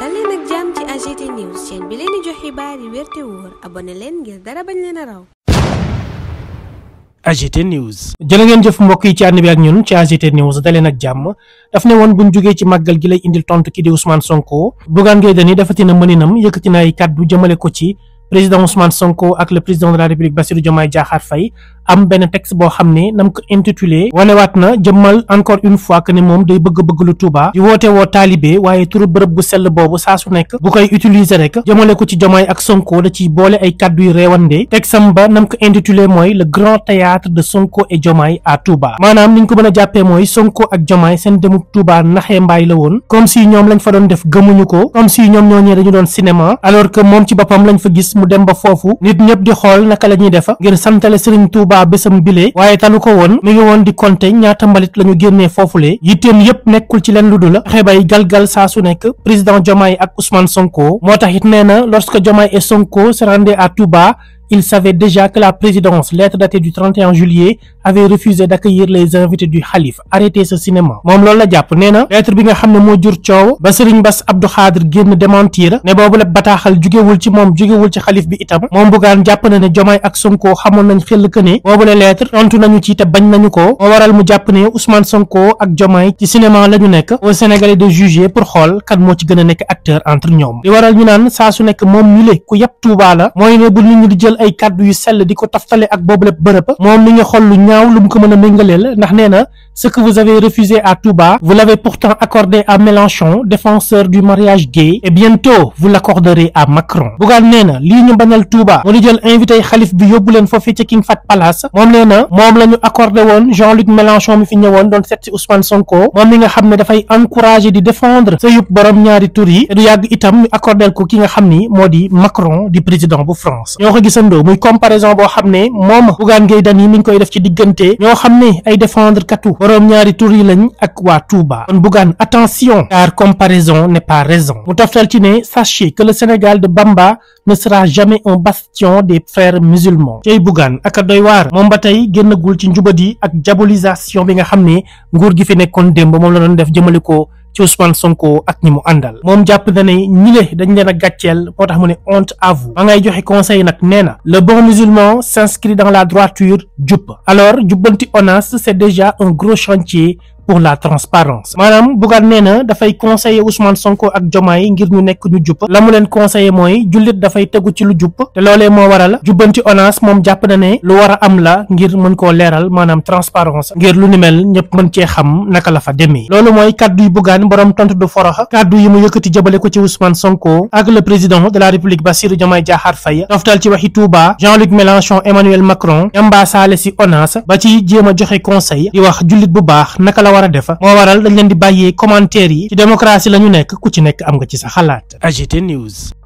dal leen ak jàmm ci AGT news chaîne bi leen di jox xibaar yi wér leen ngir dara bañ leen a raw. AGT news jërë ngeen jëf mbokk yi ci ànd bi ak ñun ci AGT news daleen ak jàmm daf ne woon buñ jógee ci màggal gi lay indil tontu ki di Ousmane Sonko Bougane Gueye Dany dafatina mëninam yëkkati na ay kàddu jëmale ko ci. président Ousmane Sonko ak le président de la République Bassirou Diomaye Diakhar Faye am benn texte boo xam ne nam ko intitulé wanewaat na jëmmal encore une fois que ne moom day bëgg-bëgg lu Touba di woote woo taalibe waaye turu bërëb bu sell boobu saa su nekk bu koy utiliser rek jëmale ko ci Diomaye ak Sonko da ciy boole ay kàddu yu réewande texam ba nam ko intitulé mooy le grand théâtre de Sonko et Diomaye à Touba maanaam niñ ko mën a jàppee mooy Sonko la woon comme ko comme si ñoom ñooñee mu dem ba foofu nit ñëpp di xool naka la ñuy defa ngir santale Serigne Touba bésam bilee waaye tanu ko woon mi ngi woon di compter ñaata mbalit la ñu génnee foofulee yépp nekkul ci leen lu dul fexe bay galgal saa su nekk président Diomaye ak Ousmane Sonko moo tax nee na lorsque Diomaye et Sonko se à Touba Il savait déjà que la présidence, lettre datée du 31 juillet, avait refusé d'accueillir les invités du xalif arrêtez ce cinéma moom loolu la jàpp nee na lettre bi nga xam ne moo jur coow ba Serigne Bass Abdou Khadre génn démentir ne boobu la bataaxal jugewul ci moom jugewul ci xalif bi itam moom Bougane jàpp na ne Diomaye ak Sonko xamoon nañ xel que boobu la lettre tontu nañu ci te bañ nañu ko moo waral mu jàpp ne Ousmane Sonko ak Diomaye ci cinéma la ay kàddu yu sell di ko taftale ak boobu lépp bërëb moom mi nga xool lu ñaaw lu mu ko mën a méngaleel ndax nee na Ce que vous avez refusé à Touba, vous l'avez pourtant accordé à Mélenchon, défenseur du mariage gay, et bientôt vous l'accorderez à Macron. Bougane nee na ñu bañal Touba mu di jël invité xalif bi yóbbu leen foofee ca King Palace moom nee na moom la ñu accordé woon Jean-Luc Mélenchon mi fi ñëwoon doon seet si Sonko moom mi nga xam ne dafay encouragé di défendre sa yub borom ñaari tur yi te du yàgg itam ñu accordel ko ki nga xam ni moo di Macron di président bu France ñoo ko gisandoo muy comparaison boo xam ne moom Bougane Gueye Dany koy def ci diggante ñoo xam ne ay défendre katu boroom ñaari tur yi lañ ak waa Touba kon Bougane attention car comparaison n'est pas raison mu toftal ci ne sachez que le Sénégal de Bamba ne sera jamais un bastion des frères musulmans tey Bougane ak a doy waar moom ba tey génnagul ci njubadi ak diabolisation bi nga xam ne nguur gi fi nekkoon démb moom la doon def jëmale ko ci Ousmane Sonko ak ñi mu àndal moom jàpp na ne ñile dañ leen a gàcceel moo tax mu ne honte à vous ngay joxe conseil nag nee na le bon musulman s'inscrit dans la droiture jub alors jubbanti ONAS c'est déjà un gros chantier pour la transparence maanaam Bougane nee na dafay conseiller Ousmane Sonko ak Diomaye ngir ñu nekk ñu jub la mu leen conseiller mooy jullit dafay tegu ci lu jub te loolee moo waral jubbanti ONAS moom jàpp na ne lu war a am la ngir mën koo leeral maanaam transparence ngir lu ni mel mën cee xam naka la fa demee loolu mooy kaddu yu Bougane borom tontu du forox kaddu yi mu yëkkati jëbale ko ci Ousmane Sonko ak le président de la République Bassirou Diomaye Diakhar Faye doftal ci waxi Touba Jean-Luc Mélenchon Emmanuel ba ci a war a def moo a dañ leen di bàyyee commentaire yi ci démocratie la ñu nekk ku ci nekk am nga ci sa xalaat AGT News